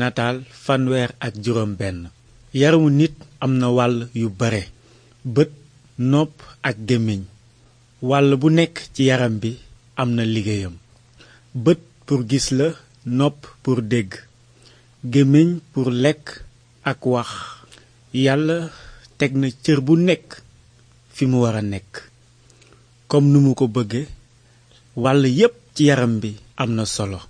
nataal fanweer ak juróom benn yaramu nit am na wàll yu bare bët nopp ak gémmiñ wàll bu nekk ci yaram bi am na liggéeyam bët pour gis la nopp pour dégg gémmiñ pour lekk ak wax yàlla teg na cër bu nekk fi mu war a nekk comme nu mu ko bëggee wàll yépp ci yaram bi am na solo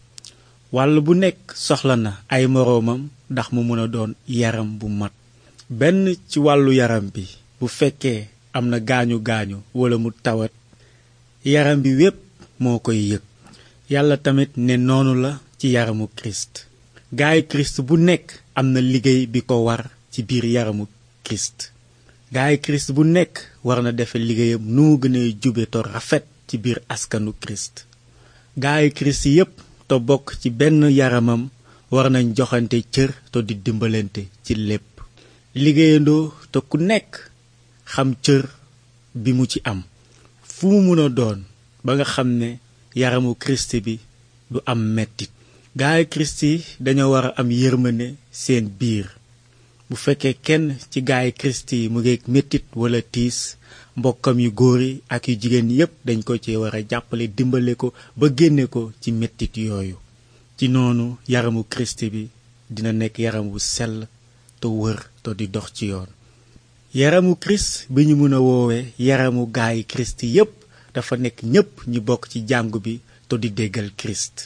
wàll bu nekk soxla na ay moroomam ndax mu mën a doon yaram bu mat benn ci wàllu yaram bi bu fekkee am na gaañu gaañu walla mu tawet yaram bi wépp moo koy yëg yàlla tamit ne noonu la ci yaramu kirist gaay kirist bu nekk am na liggéey bi ko war ci biir yaramu kirist gaay kirist bu nekk war na defe liggéeyam nu mu gën a jube to rafet ci biir askanu kirist gaay kirist yépp te bokk ci benn yaramam war nañ joxante cër te di dimbalante ci lépp liggéeyandoo te ku nekk xam cër bi mu ci am fu mu mun doon ba nga xam ne yaramu Christ bi du am mettit gaay Christ yi dañoo war a am yërmande seen biir bu fekkee kenn ci gaay Christ yi mu ngeeg métit wala tiis mbokkam yu góor yi ak yu jigéen yépp dañ ko ci war a jàppale dimbale ko ba génnee ko ci métit yooyu ci noonu yaramu Christ bi dina nekk yaram wu sell te wër te di dox ci yoon yaramu Christ bi ñu mën a woowee yaramu gaay Christ yépp dafa nekk ñépp ñu bokk ci jàngu bi te di déggal Christ